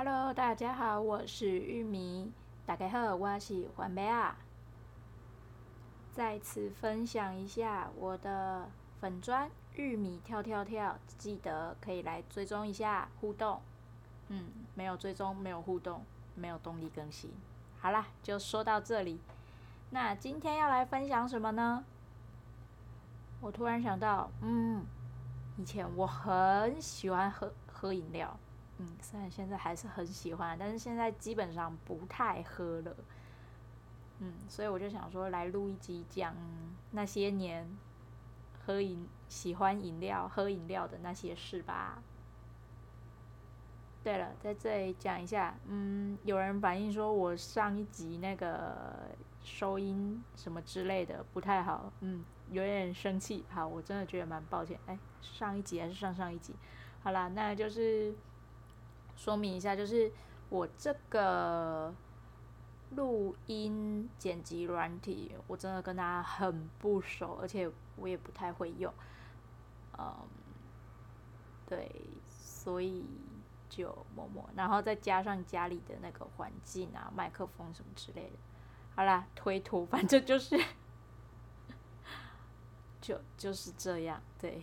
Hello，大家好，我是玉米。大家好，我是環馬啊。再次分享一下我的粉專玉米跳跳跳，記得可以來追蹤一下互動。嗯，沒有追蹤，沒有互動，沒有動力更新。好啦，就說到這裡。那今天要來分享什麼呢？我突然想到，嗯，以前我很喜歡喝喝飲料。嗯，雖然現在還是很喜歡，但是現在基本上不太喝了。嗯，所以我就想說來錄一集講那些年喝飲喜歡飲料喝飲料的那些事吧。對了，在這裡講一下，嗯，有人反映說我上一集那個收音什麼之類的不太好，嗯，有點生氣。好，我真的覺得蠻抱歉。哎、欸，上一集還是上上一集？好啦，那就是。說明一下，就是我這個錄音剪輯軟體，我真的跟他很不熟，而且我也不太會用。嗯，對，所以就摸摸，然後再加上家裡的那個環境啊，麥克風什麼之類的。好啦，推託，反正就是就就是這樣，對。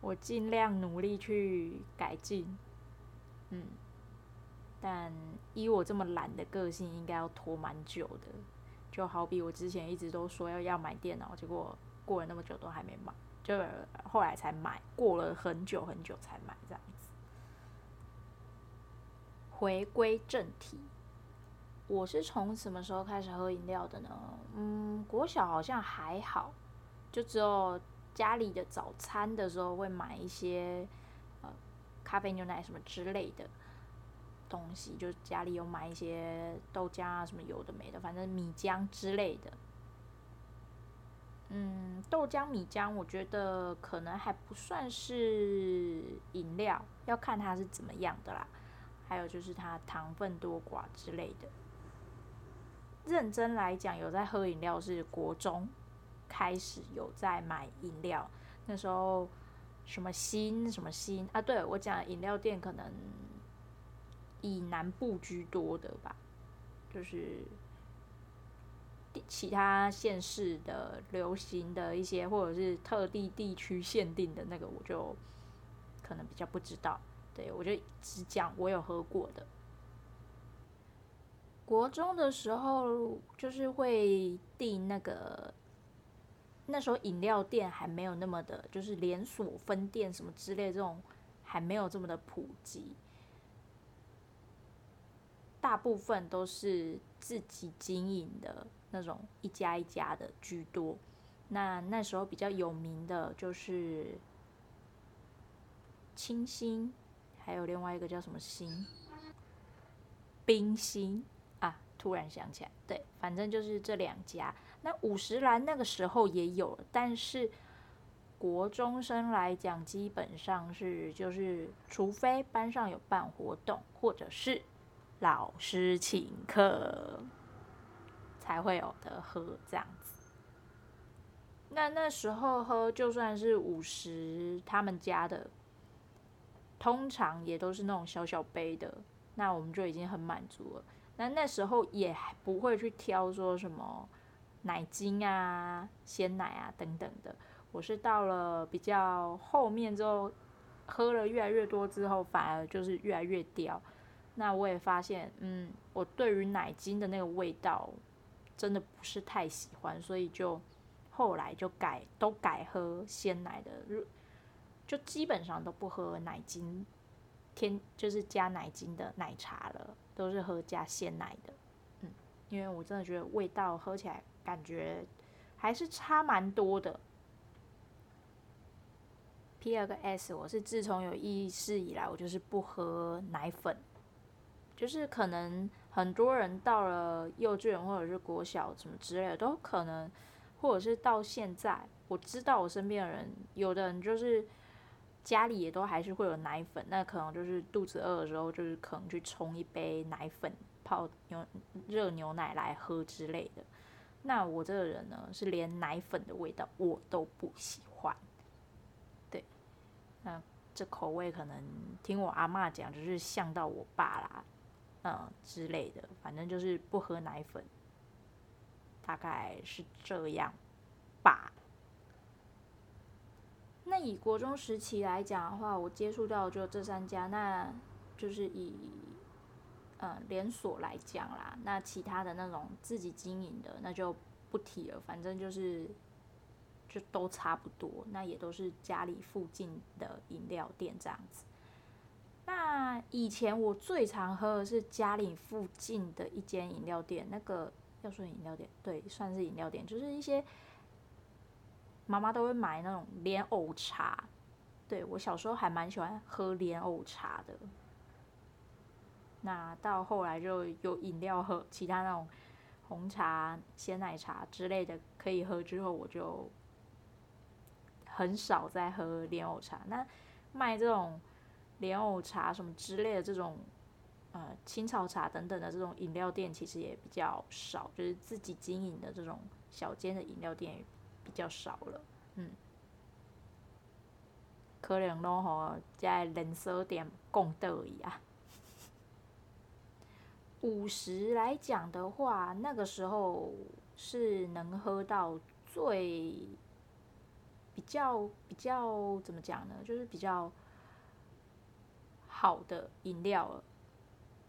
我盡量努力去改進，嗯，但依我這麼懶的個性，應該要拖蠻久的。就好比我之前一直都說要要買電腦，結果過了那麼久都還沒買，就後來才買，過了很久很久才買這樣子。回歸正題，我是從什麼時候開始喝飲料的呢？嗯，國小好像還好，就只有。家裡的早餐的時候會買一些，呃，咖啡牛奶什麼之類的東西，就家裡有買一些豆漿啊什麼有的沒的，反正米漿之類的。嗯，豆漿、米漿，我覺得可能還不算是飲料，要看它是怎麼樣的啦。還有就是它糖分多寡之類的。認真來講，有在喝飲料是國中。開始有在買飲料，那時候什麼新什麼新啊，對，對我講，飲料店可能以南部居多的吧，就是其他縣市的流行的一些，或者是特地地區限定的那個，我就可能比較不知道。對，我就只講我有喝過的。國中的時候就是會訂那個。那時候飲料店還沒有那麼的，就是連鎖分店什麼之類的這種還沒有這麼的普及，大部分都是自己經營的那種一家一家的居多。那那時候比較有名的就是清新，還有另外一個叫什麼新冰心啊，突然想起來，對，反正就是這兩家。那五十嵐那個時候也有，但是國中生來講，基本上是就是，除非班上有辦活動，或者是老師請客，才會有的喝這樣子。那那時候喝，就算是五十他們家的，通常也都是那種小小杯的，那我們就已經很滿足了。那那時候也還不會去挑說什麼。奶精啊、鮮奶啊等等的，我是到了比較後面之後，喝了越來越多之後，反而就是越來越刁。那我也發現，嗯，我對於奶精的那個味道，真的不是太喜歡，所以就後來就改都改喝鮮奶的，就基本上都不喝奶精，天，就是加奶精的奶茶了，都是喝加鮮奶的，嗯，因為我真的覺得味道喝起來，感覺還是差蠻多的。P 二個 S，我是自從有意識以來，我就是不喝奶粉。就是可能很多人到了幼稚園或者是國小什麼之類的，都可能，或者是到現在，我知道我身邊的人，有的人就是家裡也都還是會有奶粉，那可能就是肚子餓的時候，就是可能去沖一杯奶粉，泡牛，熱牛奶來喝之類的。那我這個人呢，是連奶粉的味道我都不喜歡，對，那這口味可能聽我阿嬤講，就是像到我爸啦，嗯之類的，反正就是不喝奶粉，大概是這樣吧。那以國中時期來講的話，我接觸到就這三家，那就是以。嗯，連鎖來講啦，那其他的那種自己經營的，那就不提了。反正就是，就都差不多。那也都是家裡附近的飲料店這樣子。那以前我最常喝的是家裡附近的一間飲料店，那個要說飲料店，對，算是飲料店，就是一些媽媽都會買那種蓮藕茶。對，我小時候還蠻喜歡喝蓮藕茶的。那到後來就有飲料喝，其他那種紅茶、鮮奶茶之類的可以喝之後，我就很少再喝蓮藕茶。那賣這種蓮藕茶什麼之類的這種呃青草茶、等等的這種飲料店，其實也比較少，就是自己經營的這種小間的飲料店也比較少了。嗯，可能咯，吼在連鎖店供到一啊。五十來講的話，那個時候是能喝到最比較比較怎麼講呢？就是比較好的飲料了。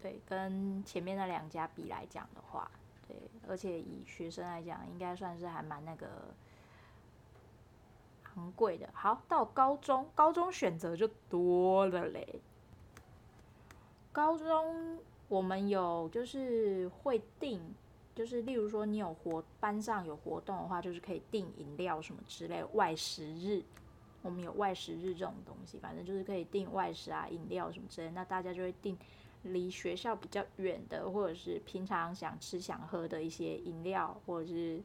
對，跟前面那兩家比來講的話，對，而且以學生來講，應該算是還蠻那個昂貴的。好，到高中，高中選擇就多了嘞。高中。我們有就是會訂，就是例如說你有活班上有活動的話，就是可以訂飲料什麼之類。外食日，我們有外食日這種東西，反正就是可以訂外食啊、飲料什麼之類。那大家就會訂離學校比較遠的，或者是平常想吃想喝的一些飲料或者是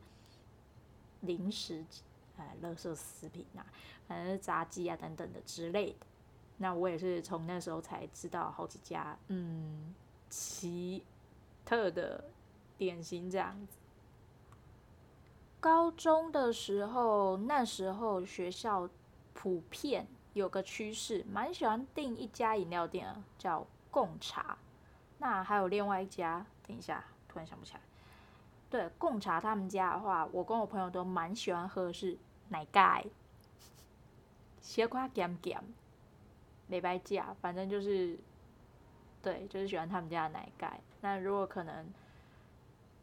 零食，呃，垃圾食品啊，反正是炸雞啊等等的之類的。那我也是從那時候才知道好幾家，嗯。奇特的典型這樣子。高中的時候，那時候學校普遍有個趨勢，蠻喜歡訂一家飲料店叫貢茶。那還有另外一家，等一下突然想不起來。對，貢茶他們家的話，我跟我朋友都蠻喜歡喝的是奶蓋，小誇鹹鹹，袂白假，反正就是。對，就是喜歡他們家的奶蓋。那如果可能，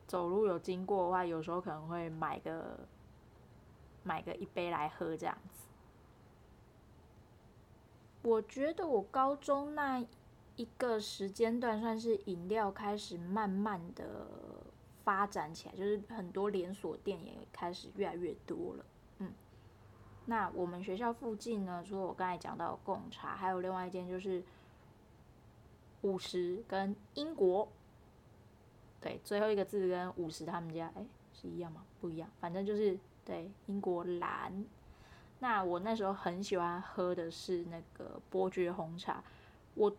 走路有經過的話，有時候可能會買個買個一杯來喝這樣子。我覺得我高中那一個時間段算是飲料開始慢慢的發展起來，就是很多連鎖店也開始越來越多了。嗯，那我們學校附近呢，除了我剛才講到貢茶，還有另外一間就是。五十跟英國，對，最後一個字跟五十他們家哎、欸、是一樣嗎？不一樣，反正就是對英國藍。那我那時候很喜歡喝的是那個伯爵紅茶，我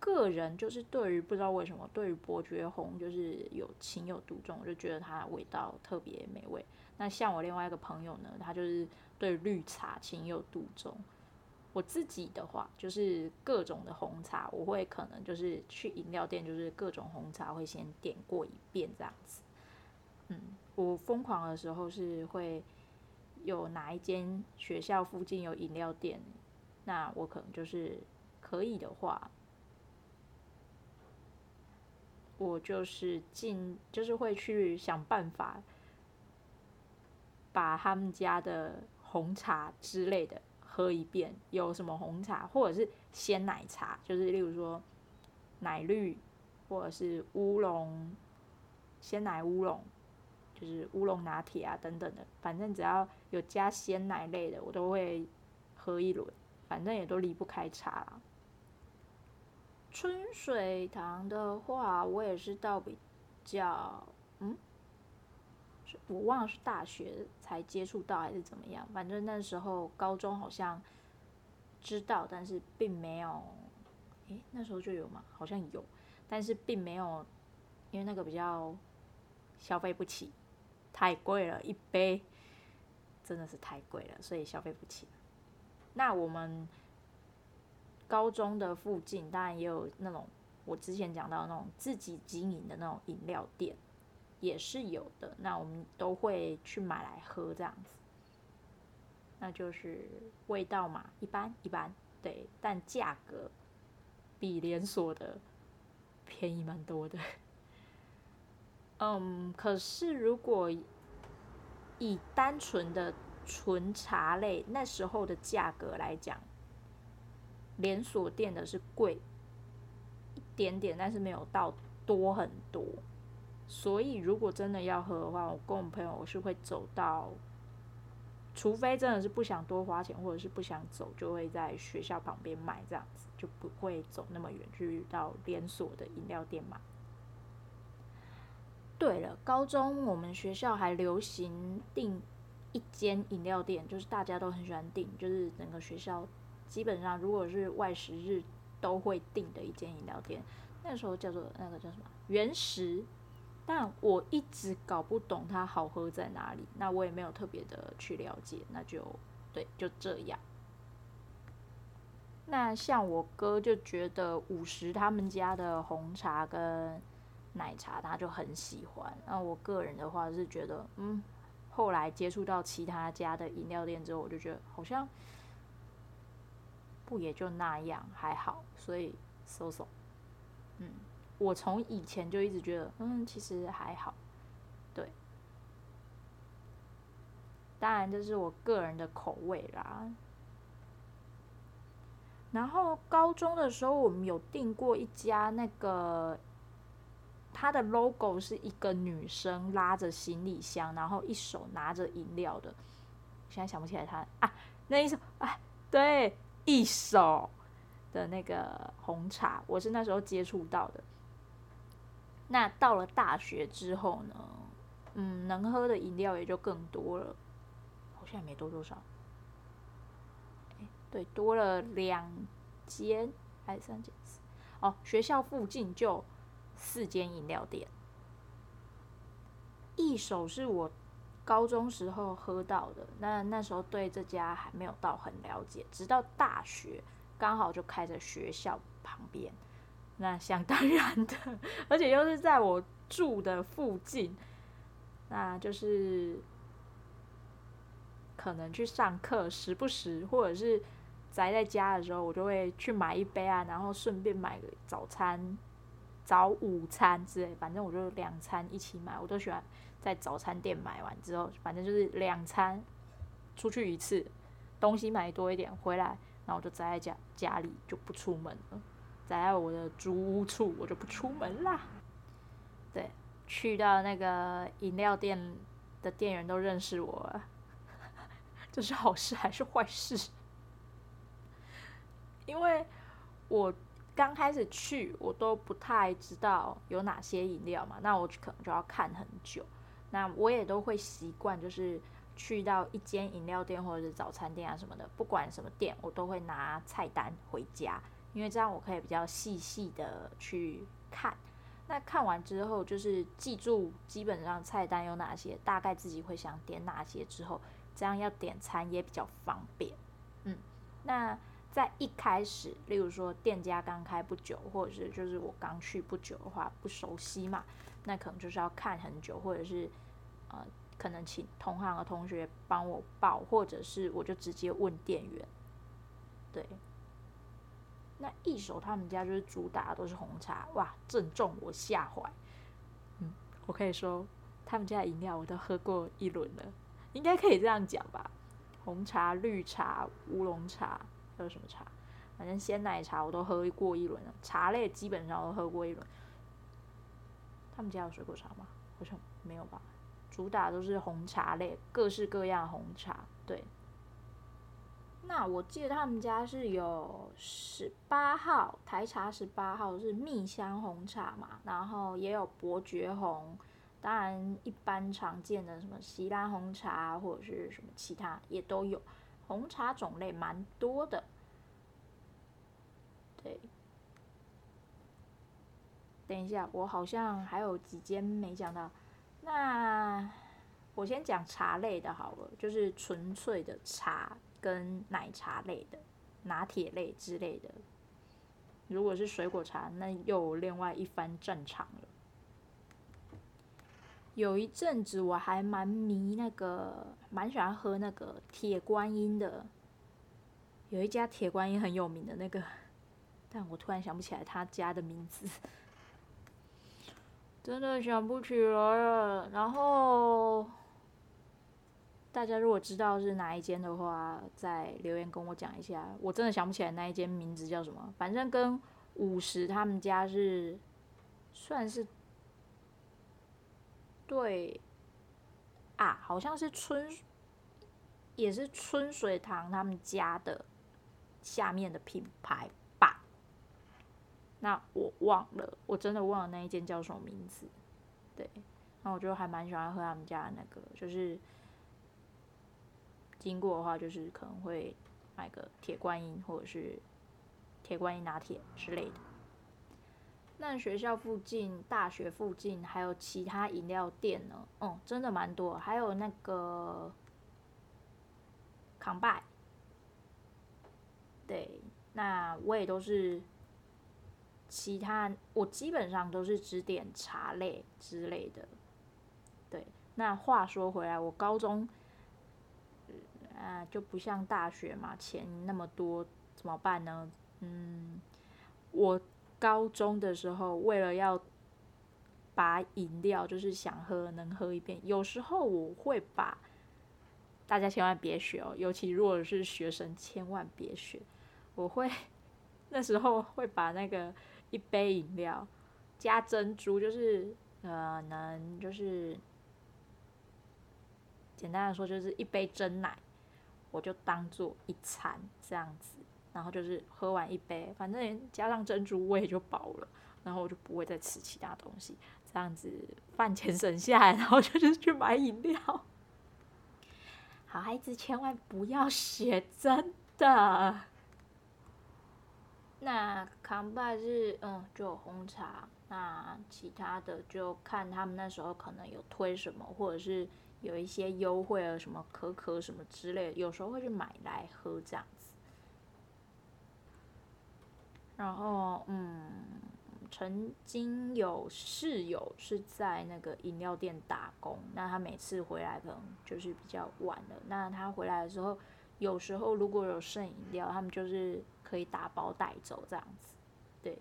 個人就是對於不知道為什麼對於伯爵紅就是有情有獨鍾，我就覺得它的味道特別美味。那像我另外一個朋友呢，他就是對綠茶情有獨鍾。我自己的話，就是各種的紅茶，我會可能就是去飲料店，就是各種紅茶會先點過一遍這樣子。嗯，我瘋狂的時候是會有哪一間學校附近有飲料店，那我可能就是可以的話，我就是盡就是會去想辦法把他們家的紅茶之類的。喝一遍，有什麼紅茶，或者是鮮奶茶，就是例如說奶綠，或者是烏龍，鮮奶烏龍，就是烏龍拿鐵啊等等的，反正只要有加鮮奶類的，我都會喝一輪。反正也都離不開茶啦。春水堂的話，我也是倒比較嗯。我忘了是大學才接觸到還是怎麼樣，反正那時候高中好像知道，但是並沒有，誒、欸，那時候就有嗎？好像有，但是並沒有，因為那個比較消費不起，太貴了，一杯真的是太貴了，所以消費不起。那我們高中的附近當然也有那種我之前講到那種自己經營的那種飲料店。也是有的，那我們都會去買來喝這樣子，那就是味道嘛，一般一般，對，但價格比連鎖的便宜蠻多的。嗯，可是如果以單純的純茶類那時候的價格來講，連鎖店的是貴一點點，但是沒有到多很多。所以，如果真的要喝的話，我跟我朋友我是會走到，除非真的是不想多花錢，或者是不想走，就會在學校旁邊買這樣子，就不會走那麼遠去到連鎖的飲料店買。對了，高中我們學校還流行訂一間飲料店，就是大家都很喜歡訂，就是整個學校基本上如果是外食日都會訂的一間飲料店。那個時候叫做那個叫什麼原石。但我一直搞不懂它好喝在哪裡，那我也沒有特別的去了解，那就對，就這樣。那像我哥就覺得五十他們家的紅茶跟奶茶他就很喜歡，那我個人的話是覺得，嗯，後來接觸到其他家的飲料店之後，我就覺得好像不也就那樣，還好，所以收手。我從以前就一直覺得，嗯，其實還好，對。當然，這是我個人的口味啦。然後高中的時候，我們有訂過一家那個，他的 logo 是一個女生拉着行李箱，然後一手拿着飲料的。現在想不起來，他啊，那一手啊，對，一手的那個紅茶，我是那時候接觸到的。那到了大學之後呢？嗯，能喝的飲料也就更多了。好像也沒多多少。對，多了兩間還是三間？哦，學校附近就四間飲料店。一手是我高中時候喝到的，那那時候對這家還沒有到很了解，直到大學剛好就開在學校旁邊。那想當然的，而且又是在我住的附近，那就是可能去上課，時不時或者是宅在家的時候，我就會去買一杯啊，然後順便買個早餐、早午餐之類，反正我就兩餐一起買。我都喜歡在早餐店買完之後，反正就是兩餐出去一次，東西買多一點回來，然後我就宅在家家裡就不出門了。來，在我的租屋處，我就不出門啦。對，去到那個飲料店的店員都認識我，這是好事還是壞事？因為我剛開始去，我都不太知道有哪些飲料嘛，那我可能就要看很久。那我也都會習慣，就是去到一間飲料店或者是早餐店啊什麼的，不管什麼店，我都會拿菜單回家。因為這樣我可以比較細細的去看，那看完之後就是記住基本上菜單有哪些，大概自己會想點哪些之後，這樣要點餐也比較方便。嗯，那在一開始，例如說店家剛開不久，或者是就是我剛去不久的話，不熟悉嘛，那可能就是要看很久，或者是呃可能請同行的同學幫我報，或者是我就直接問店員，對。那一手他們家就是主打都是紅茶，哇，正中我下懷。嗯，我可以說他們家的飲料我都喝過一輪了，應該可以這樣講吧？紅茶、綠茶、烏龍茶，還有什麼茶？反正鮮奶茶我都喝過一輪了，茶類基本上都喝過一輪。他們家有水果茶嗎？我想沒有吧，主打都是紅茶類，各式各樣紅茶。對。那我記得他們家是有十八號，台茶十八號是蜜香紅茶嘛，然後也有伯爵紅，當然一般常見的什麼錫蘭紅茶或者是什麼其他也都有，紅茶種類蠻多的。對，等一下，我好像還有幾間沒講到，那我先講茶類的好了，就是純粹的茶，跟奶茶類的、拿鐵類之類的，如果是水果茶，那又有另外一番戰場了。有一陣子我還蠻迷那個，蠻喜歡喝那個鐵觀音的。有一家鐵觀音很有名的那個，但我突然想不起來他家的名字，真的想不起來了。然後。大家如果知道是哪一間的話，再留言跟我講一下。我真的想不起來那一間名字叫什麼，反正跟五十他們家是算是對啊，好像是春也是春水堂他們家的下面的品牌吧。那我忘了，我真的忘了那一間叫什麼名字。對，那我就還蠻喜歡喝他們家的那個，就是。經過的話，就是可能會買個鐵觀音，或者是鐵觀音拿鐵之類的。那學校附近，大學附近還有其他飲料店呢？嗯，真的蠻多，還有那個康拜。對，那我也都是其他，我基本上都是只點茶類之類的。對，那話說回來，我高中。啊，就不像大學嘛，錢那麼多，怎麼辦呢？嗯，我高中的時候，為了要把飲料，就是想喝能喝一遍，有時候我會把，大家千萬別學哦，尤其如果是學生，千萬別學。我會那時候會把那個一杯飲料加珍珠，就是呃能就是簡單的說，就是一杯珍奶。我就當做一餐這樣子，然後就是喝完一杯，反正加上珍珠味就飽了，然後我就不會再吃其他東西，這樣子飯錢省下來，然後就是去買飲料。好孩子，千萬不要學真的。那扛把子是嗯，就有紅茶，那其他的就看他們那時候可能有推什麼，或者是。有一些優惠啊，什麼可可什麼之類的，有時候會去買來喝這樣子。然後，嗯，曾經有室友是在那個飲料店打工，那他每次回來可能就是比較晚了，那他回來的時候，有時候如果有剩飲料，他們就是可以打包帶走這樣子。對，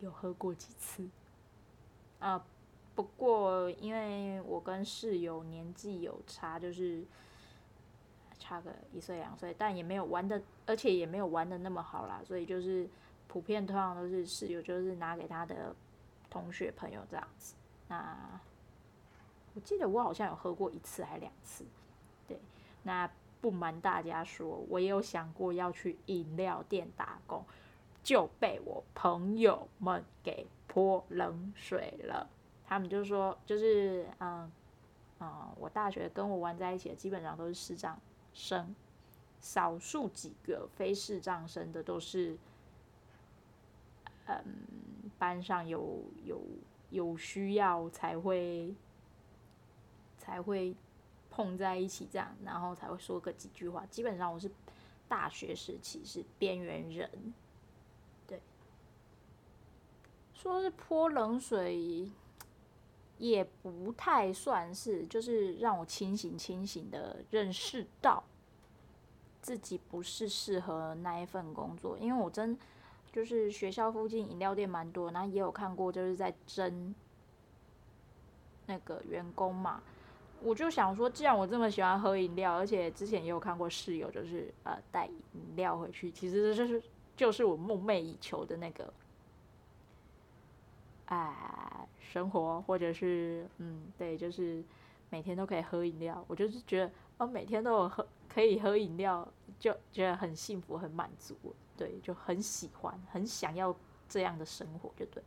有喝過幾次啊。不過，因為我跟室友年紀有差，就是差個一歲兩歲，但也沒有玩的，而且也沒有玩的那麼好啦，所以就是普遍通常都是室友就是拿給他的同學朋友這樣子。那我記得我好像有喝過一次還兩次，對。那不瞞大家說，我也有想過要去飲料店打工，就被我朋友們給潑冷水了。他們就說，就是嗯，嗯，我大學跟我玩在一起的基本上都是視障生，少數幾個非視障生的都是，嗯，班上有有有需要才會才會碰在一起這樣，然後才會說個幾句話。基本上我是大學時期是邊緣人，對。說是潑冷水，也不太算是，就是讓我清醒清醒的認識到，自己不是適合那一份工作。因為我真，就是學校附近飲料店蠻多，然後也有看過就是在徵那個員工嘛。我就想說，既然我這麼喜歡喝飲料，而且之前也有看過室友就是呃帶飲料回去，其實這、就是就是我夢寐以求的那個。哎，生活或者是嗯，對，就是每天都可以喝飲料，我就是覺得，哦，每天都有喝，可以喝飲料，就覺得很幸福，很滿足，對，就很喜歡，很想要這樣的生活，對不對？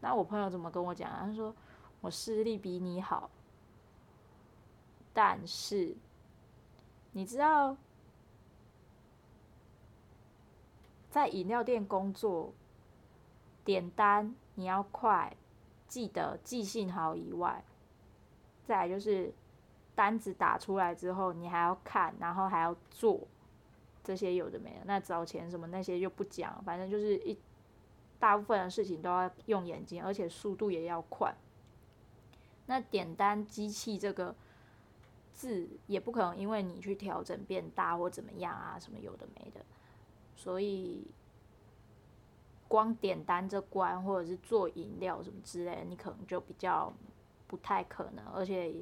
那我朋友怎麼跟我講？他說：“我視力比你好，但是你知道，在飲料店工作點單。”你要快，記得記性好以外，再來就是單子打出來之後，你還要看，然後還要做，這些有的沒的。那找錢什麼那些就不講，反正就是一大部分的事情都要用眼睛，而且速度也要快。那點單機器這個字也不可能因為你去調整變大或怎麼樣啊，什麼有的沒的，所以。光點單這關，或者是做飲料什麼之類的，你可能就比較不太可能。而且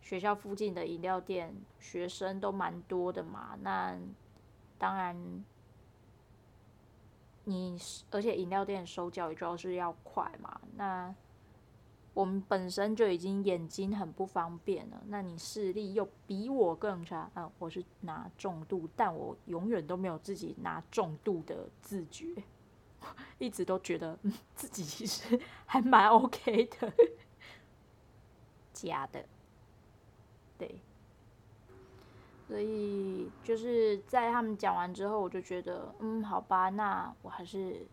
學校附近的飲料店，學生都蠻多的嘛。那當然你，你而且飲料店手腳也主要是要快嘛。那我們本身就已經眼睛很不方便了，那你視力又比我更差。嗯，我是拿重度，但我永遠都沒有自己拿重度的自覺。一直都覺得，嗯，自己其實還蠻 OK 的，假的，對，所以就是在他們講完之後，我就覺得，嗯，好吧，那我還是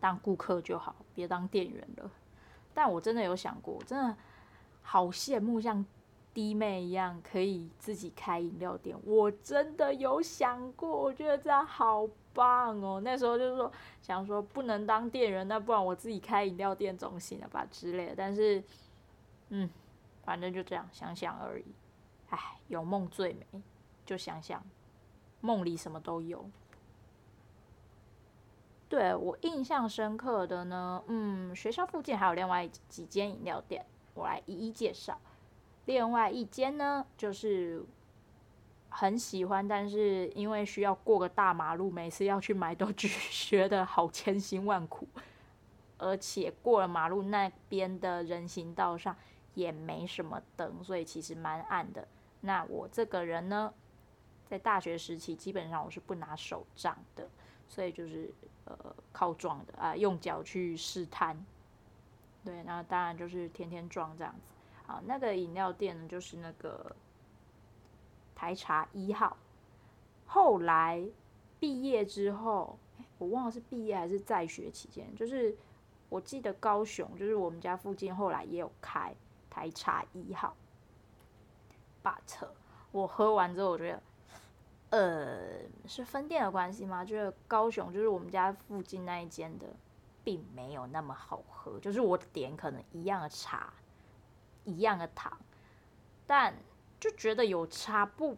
當顧客就好，別當店員了。但我真的有想過，真的好羨慕像滴妹一樣可以自己開飲料店，我真的有想過，我覺得這樣好棒哦。那時候就是說想說不能當店員，那不然我自己開飲料店總行了吧之類的。但是，嗯，反正就這樣想想而已。哎，有夢最美，就想想，夢裡什麼都有。對，我印象深刻的呢，嗯，學校附近還有另外幾間飲料店，我來一一介紹。另外一間呢，就是很喜歡，但是因為需要過個大馬路，每次要去買都覺得好千辛萬苦，而且過了馬路那邊的人行道上也沒什麼燈，所以其實蠻暗的。那我這個人呢，在大學時期基本上我是不拿手杖的，所以就是呃靠撞的啊，呃，用腳去試探。對，那當然就是天天撞這樣子。好，那個飲料店呢，就是那個台茶一號。後來畢業之後，欸，我忘了是畢業還是在學期間，就是我記得高雄，就是我們家附近後來也有開台茶一號。but 我喝完之後，我覺得，呃，是分店的關係嗎？就是高雄，就是我們家附近那一間的，並沒有那麼好喝。就是我點可能一樣的茶。一樣的糖，但就覺得有差不，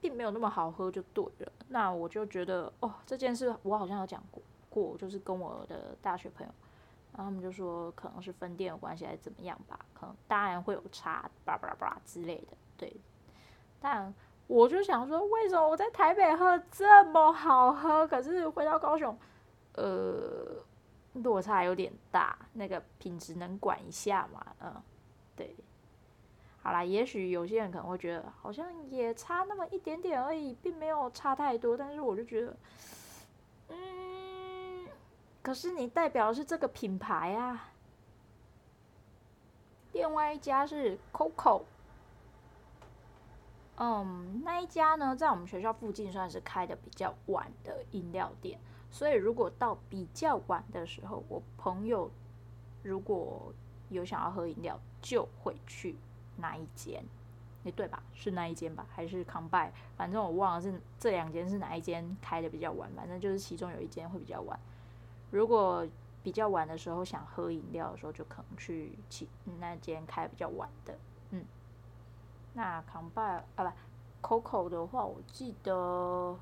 並沒有那麼好喝就對了。那我就覺得哦，這件事我好像有講過過，就是跟我的大學朋友，然後他們就說可能是分店有關係，還是怎麼樣吧？可能當然會有差，吧吧吧，吧之類的。對，但我就想說，為什麼我在台北喝這麼好喝，可是回到高雄，呃，落差有點大，那個品質能管一下嘛？嗯。對，好啦，也許有些人可能會覺得好像也差那麼一點點而已，並沒有差太多。但是我就覺得，嗯，可是你代表的是這個品牌啊。另外一家是 COCO，嗯，那一家呢，在我們學校附近算是開得比較晚的飲料店，所以如果到比較晚的時候，我朋友如果。有想要喝飲料，就會去哪一間？誒，對吧？是哪一間吧？還是 COMEBUY？反正我忘了是這兩間是哪一間開的比較晚。反正就是其中有一間會比較晚。如果比較晚的時候想喝飲料的時候，就可能去其、嗯、那間開比較晚的。嗯，那 COMEBUY 啊，不，Coco 的話，我記得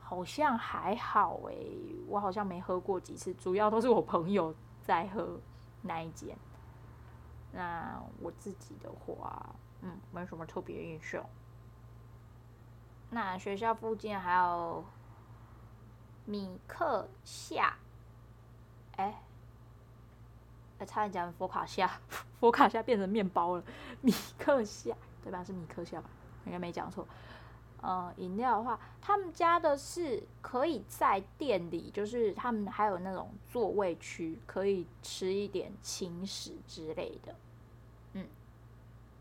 好像還好誒，我好像沒喝過幾次，主要都是我朋友。再喝那一間。那我自己的話，嗯，沒什麼特別印象。那學校附近還有迷客夏，哎、欸，哎、欸，差點講佛卡夏，佛卡夏變成麵包了，迷客夏，對吧？是迷客夏吧？應該沒講錯。呃，飲料的話，他們家的是可以在店裡，就是他們還有那種座位區，可以吃一點輕食之類的。嗯，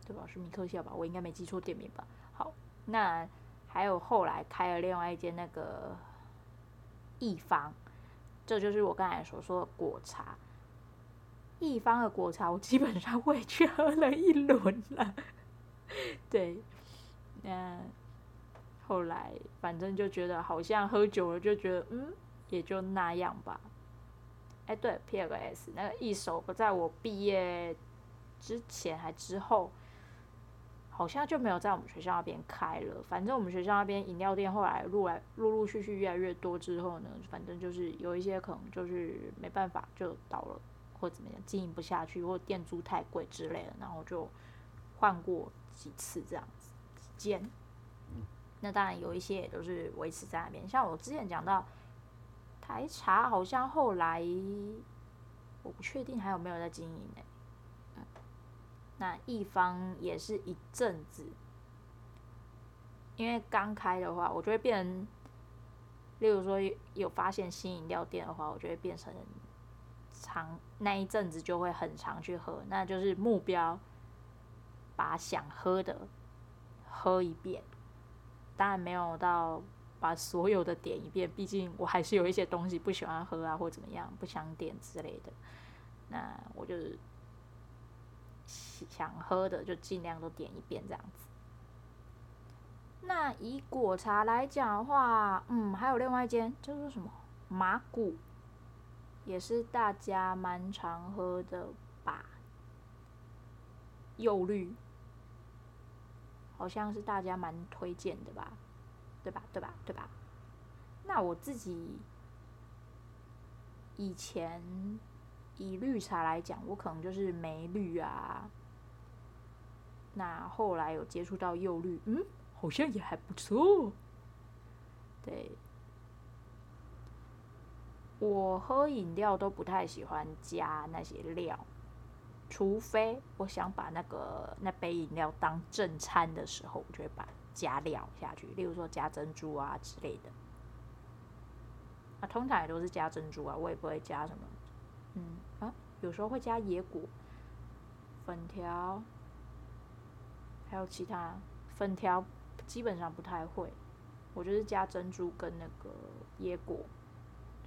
對吧？是米克笑吧？我應該沒記錯店名吧？好，那還有後來開了另外一間那個一方，這就是我剛才所說的果茶。一方的果茶，我基本上會去喝了一輪了。 對，嗯。後來反正就覺得好像喝久了，就覺得嗯，也就那樣吧。哎、欸，對 PLS 那個一手不在我畢業之前還之後，好像就沒有在我們學校那邊開了。反正我們學校那邊飲料店後來越來陸陸續續越來越多之後呢，反正就是有一些可能就是沒辦法就倒了或怎麼樣經營不下去，或店租太貴之類的，然後就換過幾次這樣子幾間。那當然有一些也都是維持在那邊，像我之前講到台茶，好像後來我不確定還有沒有在經營呢？嗯，那一方也是一陣子，因為剛開的話，我就會變成，例如說有發現新飲料店的話，我就會變成常那一陣子就會很常去喝，那就是目標把想喝的喝一遍。當然沒有到把所有的點一遍，畢竟我還是有一些東西不喜歡喝啊，或怎麼樣不想點之類的。那我就是想喝的就盡量都點一遍這樣子。那以果茶來講的話，嗯，還有另外一間叫做什麼麻古，也是大家蠻常喝的吧，柚綠。好像是大家蠻推薦的吧，對吧？對吧？對吧？那我自己以前以綠茶來講，我可能就是梅綠啊。那後來有接觸到柚綠，嗯，好像也還不錯。對，我喝飲料都不太喜歡加那些料。除非我想把那個那杯飲料當正餐的時候，我就會把加料下去，例如說加珍珠啊之類的。啊，通常也都是加珍珠啊，我也不會加什麼，嗯啊，有時候會加椰果、粉條，還有其他粉條基本上不太會，我就是加珍珠跟那個椰果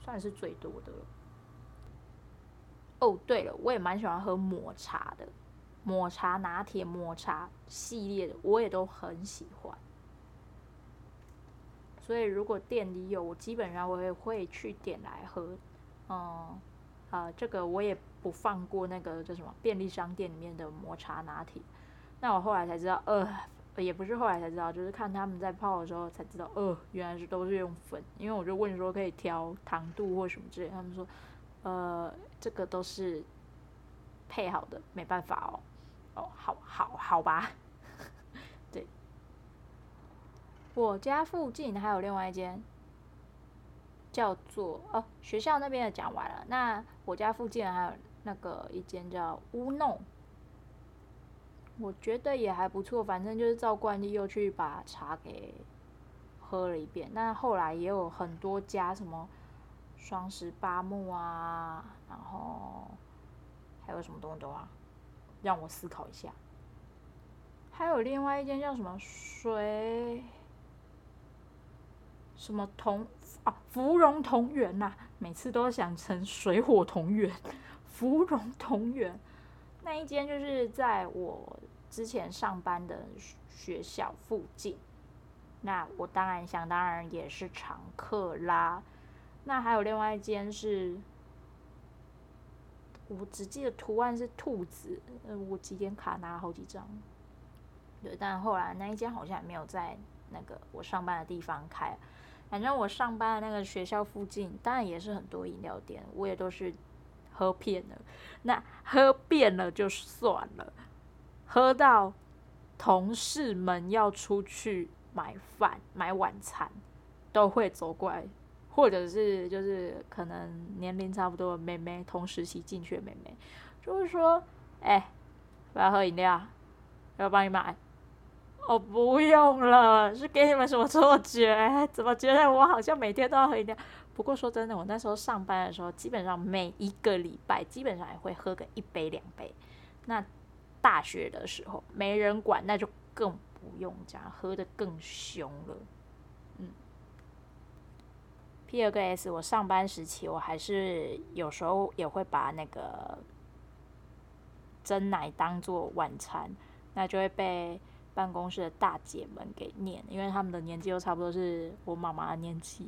算是最多的了。哦，oh，對了，我也蠻喜歡喝抹茶的，抹茶拿鐵、抹茶系列的我也都很喜歡，所以如果店裡有，我基本上我也會去點來喝。嗯，啊、呃，這個我也不放過那個叫什麼便利商店裡面的抹茶拿鐵。那我後來才知道，呃，也不是後來才知道，就是看他們在泡的時候才知道，呃，原來是都是用粉，因為我就問說可以調糖度或什麼之類，他們說，呃。這個都是配好的，沒辦法哦。哦，好好好吧。 對，我家附近還有另外一間，叫做哦，學校那邊也講完了。那我家附近還有那個一間叫烏弄，我覺得也還不錯。反正就是照慣例又去把茶給喝了一遍，那後來也有很多家什麼。雙十八木啊，然後還有什麼東東啊？讓我思考一下。還有另外一間叫什麼水什麼同啊？芙蓉同源啊。每次都想成水火同源，芙蓉同源。那一間就是在我之前上班的學校附近。那我當然想，當然也是常客啦。那還有另外一間是，我只記得圖案是兔子。呃，我集點卡拿了好幾張，對。但後來那一間好像也沒有在那個我上班的地方開啊。反正我上班的那個學校附近，當然也是很多飲料店，我也都是喝遍了。那喝遍了就算了，喝到同事們要出去買飯、買晚餐，都會走過來。或者是就是可能年齡差不多的妹妹，同時期進去的妹妹，就是說，哎、欸，我要喝飲料，我要幫你買，哦，不用了，是給你們什麼錯覺？怎麼覺得我好像每天都要喝飲料？不過說真的，我那時候上班的時候，基本上每一個禮拜，基本上也會喝個一杯兩杯。那大學的時候沒人管，那就更不用講，喝得更兇了。P 二跟 S，我上班時期，我還是有時候也會把那個珍奶當做晚餐，那就會被辦公室的大姐們給念，因為她們的年紀又差不多，是我媽媽的年紀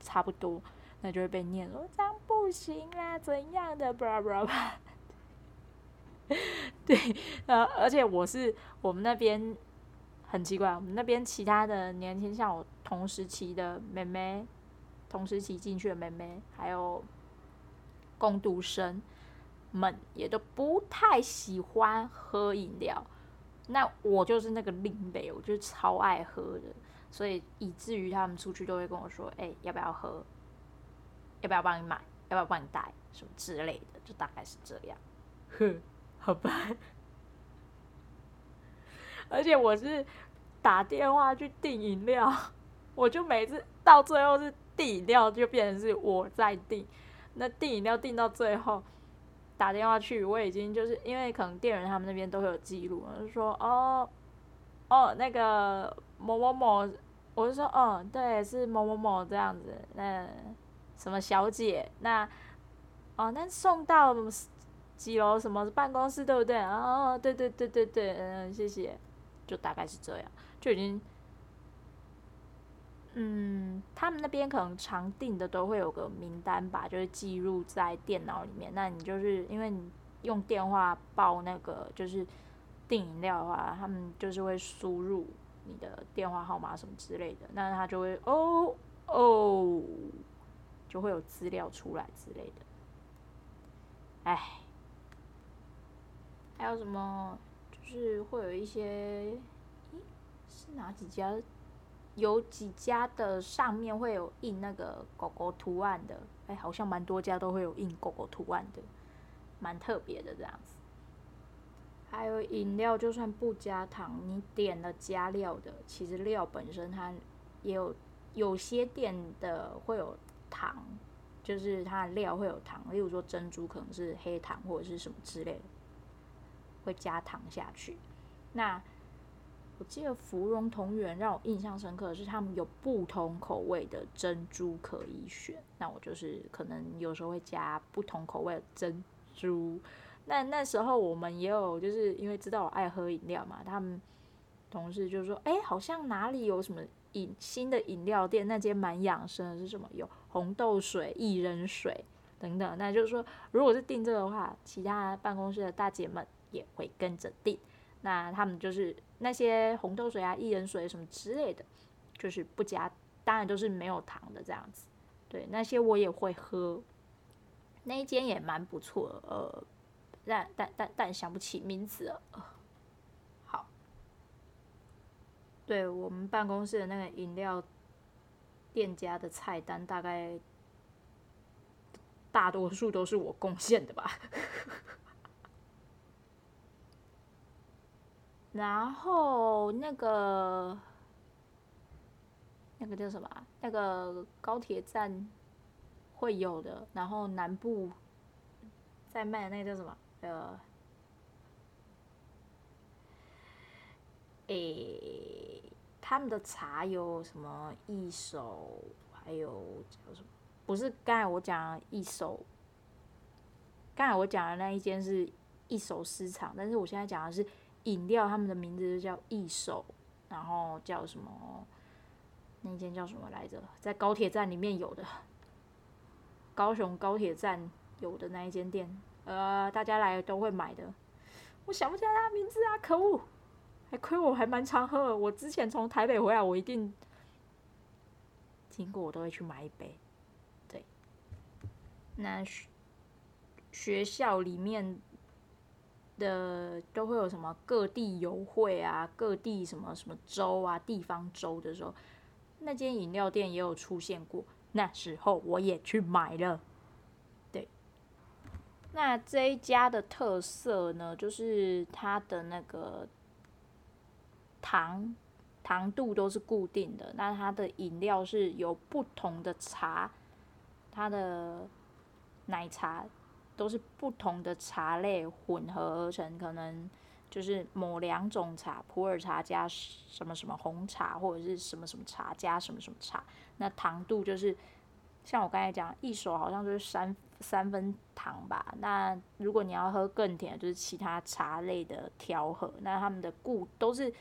差不多，那就會被念說這樣不行啦，啊，怎樣的，巴拉巴拉巴拉。對，呃，而且我是我們那邊很奇怪，我們那邊其他的年輕，像我同時期的妹妹。同時期進去的妹妹，還有工讀生們也都不太喜歡喝飲料。那我就是那個另類，我就是超愛喝的，所以以至於他們出去都會跟我說：“哎、欸，要不要喝？要不要幫你買？要不要幫你帶？什麼之類的。”就大概是這樣。哼，好吧。而且我是打電話去訂飲料，我就每次到最後是。訂飲料就變成是我在訂，那訂飲料訂到最後打電話去，我已經就是因為可能店員他們那邊都會有記錄，我就說哦哦那個某某某，我就說嗯、哦、對是某某某這樣子，那什麼小姐那哦那送到幾樓什麼是辦公室對不對？哦對對對對對嗯謝謝，就大概是這樣就已經。嗯，他們那邊可能常訂的都會有個名單吧，就是記錄在電腦裡面。那你就是因為你用電話報那個就是訂飲料的話，他們就是會輸入你的電話號碼什麼之類的，那他就會哦哦，oh, oh, 就會有資料出來之類的。哎，還有什麼？就是會有一些，咦，是哪幾家？有幾家的上面會有印那個狗狗圖案的，哎，好像蠻多家都會有印狗狗圖案的，蠻特別的這樣子。還有飲料，就算不加糖，你點了加料的，其實料本身它也有，有些店的會有糖，就是它的料會有糖，例如說珍珠可能是黑糖或者是什麼之類的，會加糖下去。那我記得芙蓉同源讓我印象深刻的是，他們有不同口味的珍珠可以選。那我就是可能有時候會加不同口味的珍珠。那那時候我們也有，就是因為知道我愛喝飲料嘛，他們同事就說：“哎、欸，好像哪裡有什麼飲新的飲料店，那間蠻養生的是什麼？有紅豆水、薏仁水等等。”那就是說，如果是訂這個的話，其他辦公室的大姐們也會跟着訂。那他們就是。那些紅豆水啊、薏仁水什麼之類的，就是不加，當然都是沒有糖的這樣子。對，那些我也會喝，那一間也蠻不錯的。呃，但但但但想不起名字了。好，對我們辦公室的那個飲料店家的菜單，大概大多數都是我貢獻的吧。然後那個那個叫什麼？那個高鐵站會有的。然後南部在賣的那個叫什麼？呃，哎、欸，他們的茶有什麼？一手還有叫什麼？不是剛才我講一手，剛才我講的那一間是一手私藏，但是我現在講的是。飲料他們的名字就叫一手，然後叫什麼？那一間叫什麼來着？在高鐵站裡面有的，高雄高鐵站有的那一間店，呃，大家來都會買的。我想不起來他名字啊，可惡！還虧我還蠻常喝。我之前從台北回來，我一定經過，我都會去買一杯。對，那學學校裡面。的都會有什麼各地優惠啊，各地什麼什麼州啊，地方州的時候，那間飲料店也有出現過。那時候我也去買了，對。那這一家的特色呢，就是它的那個糖糖度都是固定的，那它的飲料是有不同的茶，它的奶茶，都是不同的茶類混合而成，可能就是某兩種茶，普洱茶加什麼什麼紅茶，或者是什麼什麼茶加什麼什麼茶。那糖度就是像我剛才講，一手好像就是三三分糖吧。那如果你要喝更甜，就是其他茶類的調和。那他們的固都是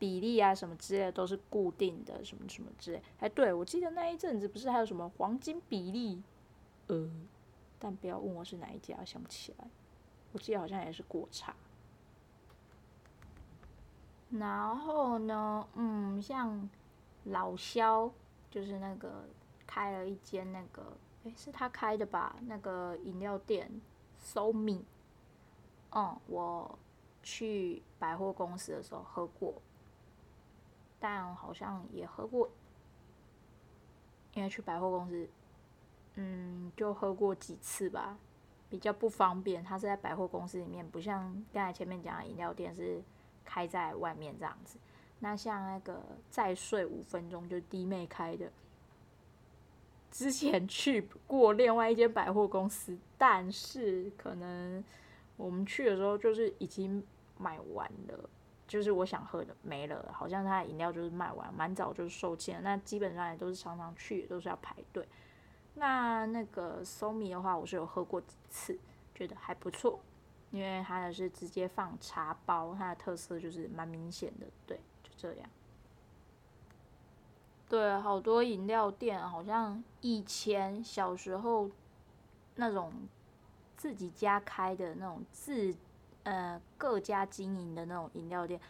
比例啊什麼之類的都是固定的，什麼什麼之類的。哎，對，我記得那一陣子不是還有什麼黃金比例，呃、嗯。但不要問我是哪一家，想不起來。我記得好像也是果茶。然後呢，嗯，像老肖，就是那個開了一間那個，誒，是他開的吧？那個飲料店，搜、so、米。嗯，我去百貨公司的時候喝過，但好像也喝過，因為去百貨公司。嗯，就喝過幾次吧，比較不方便。它是在百貨公司裡面，不像剛才前面講的飲料店是開在外面這樣子。那像那個再睡五分鐘就弟妹開的，之前去過另外一間百貨公司，但是可能我們去的時候就是已經買完了，就是我想喝的沒了，好像它的飲料就是賣完，蠻早就售罄。那基本上也都是常常去的，都是要排隊。那那個 SOMI 的話，我是有喝過幾次，覺得還不錯，因為它是直接放茶包，它的特色就是蠻明顯的。對，就這樣。對，好多飲料店，好像以前小時候那種自己家開的那種自，呃，各家經營的那種飲料店，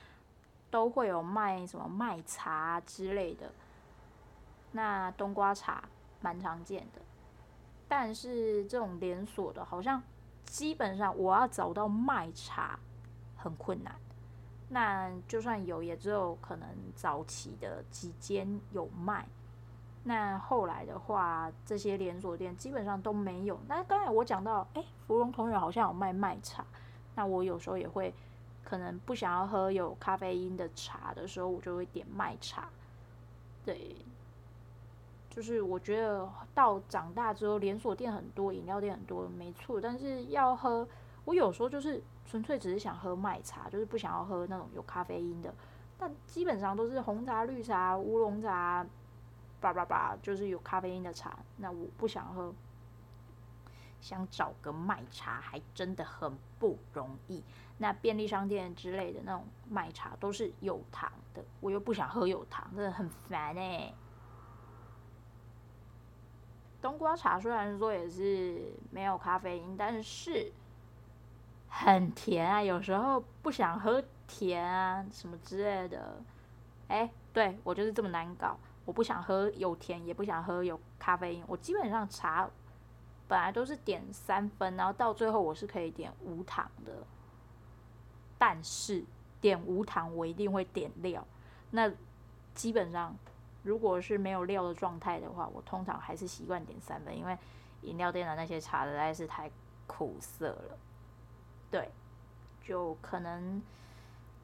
都會有賣什麼麥茶之類的。那冬瓜茶。蠻常見的，但是這種連鎖的，好像基本上我要找到麥茶很困難。那就算有，也只有可能早期的幾間有賣。那後來的話，這些連鎖店基本上都沒有。那剛才我講到，誒，芙蓉同學好像有賣麥茶。那我有時候也會，可能不想要喝有咖啡因的茶的時候，我就會點麥茶。對。就是我覺得到長大之後，連鎖店很多，飲料店很多，沒錯。但是要喝，我有時候就是純粹只是想喝麥茶，就是不想要喝那種有咖啡因的。但基本上都是紅茶、綠茶、烏龍茶，叭叭叭，就是有咖啡因的茶。那我不想喝，想找個麥茶還真的很不容易。那便利商店之類的那種麥茶都是有糖的，我又不想喝有糖，真的很煩誒、欸。冬瓜茶雖然說也是沒有咖啡因，但是很甜啊，有時候不想喝甜啊什麼之類的。哎、欸，對，我就是這麼難搞，我不想喝有甜，也不想喝有咖啡因。我基本上茶本來都是點三分，然後到最後我是可以點無糖的，但是點無糖我一定會點料。那基本上。如果是沒有料的狀態的話，我通常還是習慣點三分，因為飲料店的那些茶實在是太苦澀了。對，就可能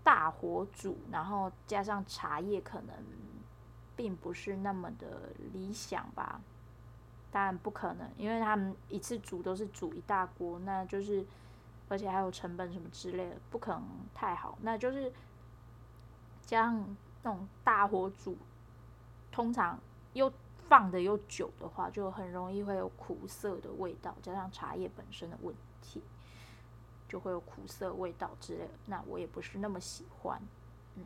大火煮，然後加上茶葉，可能並不是那麼的理想吧。當然不可能，因為他們一次煮都是煮一大鍋，那就是而且還有成本什麼之類的，不可能太好。那就是加上那種大火煮。通常又放的又久的話，就很容易會有苦澀的味道，加上茶葉本身的問題，就會有苦澀味道之類的。那我也不是那麼喜歡，嗯，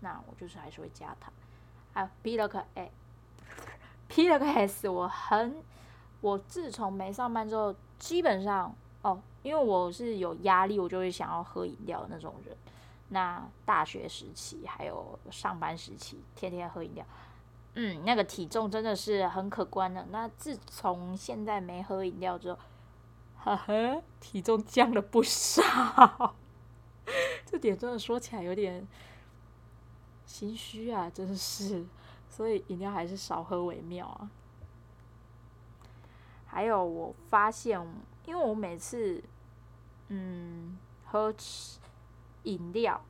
那我就是還是會加糖。還有 P 了個 A，P 了個 S，我很，我自從沒上班之後，基本上哦，因為我是有壓力，我就會想要喝飲料的那種人。那大學時期還有上班時期，天天喝飲料。嗯，那個體重真的是很可觀的。那自從現在沒喝飲料之後，呵呵，體重降了不少。 這點真的說起來有點心虛啊，真的是。所以飲料還是少喝為妙啊。還有我發現，因為我每次嗯喝飲料，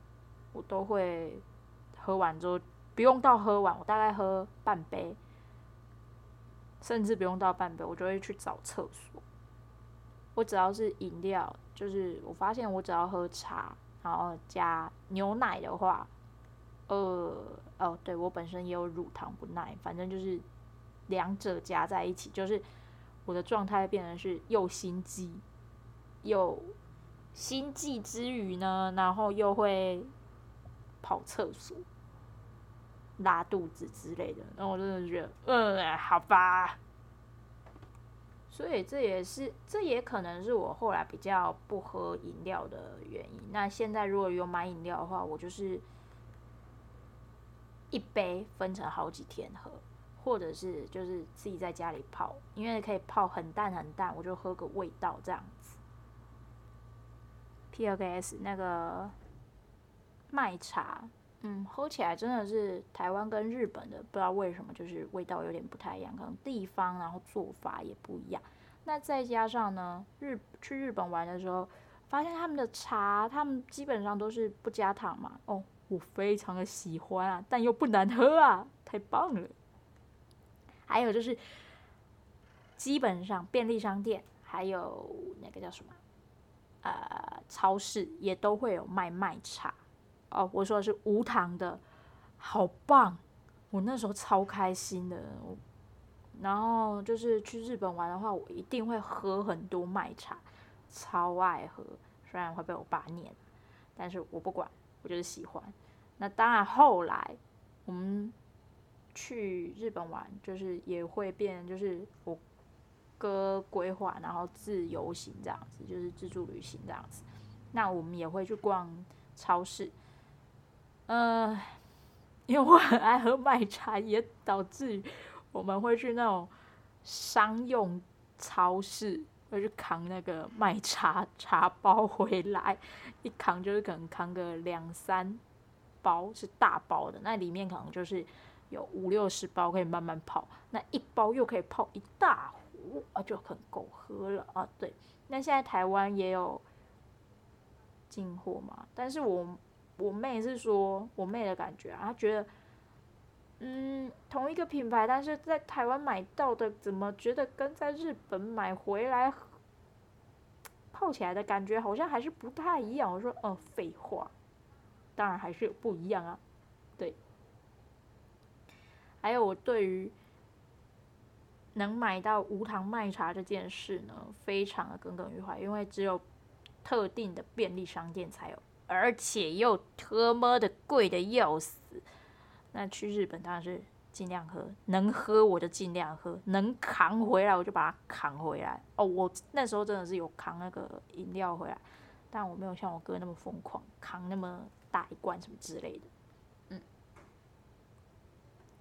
我都會喝完之後。不用到喝完，我大概喝半杯，甚至不用到半杯，我就會去找廁所。我只要是飲料，就是我發現我只要喝茶，然後加牛奶的話，呃，哦，對，我本身也有乳糖不耐，反正就是兩者加在一起，就是我的狀態變成是又心悸，又心悸之餘呢，然後又會跑廁所。拉肚子之類的，然後我真的覺得，嗯，好吧。所以這也是，這也可能是我後來比較不喝飲料的原因。那現在如果有買飲料的話，我就是一杯分成好幾天喝，或者是就是自己在家裡泡，因為可以泡很淡很淡，我就喝個味道這樣子。P R K S 那個麥茶。嗯，喝起來真的是台灣跟日本的，不知道為什麼就是味道有點不太一樣，可能地方然後做法也不一樣。那再加上呢，日去日本玩的時候，發現他們的茶，他們基本上都是不加糖嘛。哦，我非常的喜歡啊，但又不難喝啊，太棒了。還有就是，基本上便利商店還有那個叫什麼，呃，超市也都會有賣麥茶。哦，我說的是無糖的，好棒！我那時候超開心的。然後就是去日本玩的話，我一定會喝很多麥茶，超愛喝。雖然會被我爸念，但是我不管，我就是喜歡。那當然，後來我們去日本玩，就是也會變，就是我哥規劃，然後自由行這樣子，就是自助旅行這樣子。那我們也會去逛超市。嗯、呃，因為我很愛喝麥茶，也導致我們會去那種商用超市，會去扛那個麥茶茶包回來，一扛就是可能扛個兩三包，是大包的，那裡面可能就是有五六十包可以慢慢泡，那一包又可以泡一大壺啊，就很夠喝了啊。對，那現在台灣也有進貨嘛，但是我。我妹是說，我妹的感覺啊，她覺得，嗯，同一個品牌，但是在台灣買到的，怎麼覺得跟在日本買回來泡起來的感覺好像還是不太一樣？我說，哦、嗯，廢話，當然還是有不一樣啊，對。還有我對於能買到無糖麥茶這件事呢，非常的耿耿於懷，因為只有特定的便利商店才有。而且又特麼的貴的要死，那去日本當然是盡量喝，能喝我就盡量喝，能扛回來我就把它扛回來。哦，我那時候真的是有扛那個飲料回來，但我沒有像我哥那麼瘋狂扛那麼大一罐什麼之類的。嗯，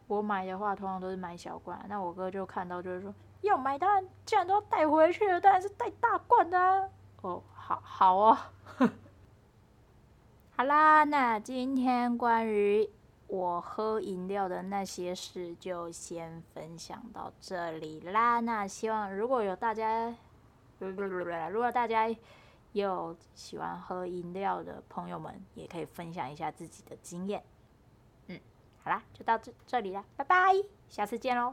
我買的話通常都是買小罐，那我哥就看到就是說要買單，既然都要帶回去了，當然是帶大罐的啊。哦，好好哦。 好啦，那今天關於我喝飲料的那些事就先分享到這裡啦。那希望如果有大家，如果大家有喜歡喝飲料的朋友們，也可以分享一下自己的經驗。嗯，好啦，就到這這裡啦，拜拜，下次見嘍。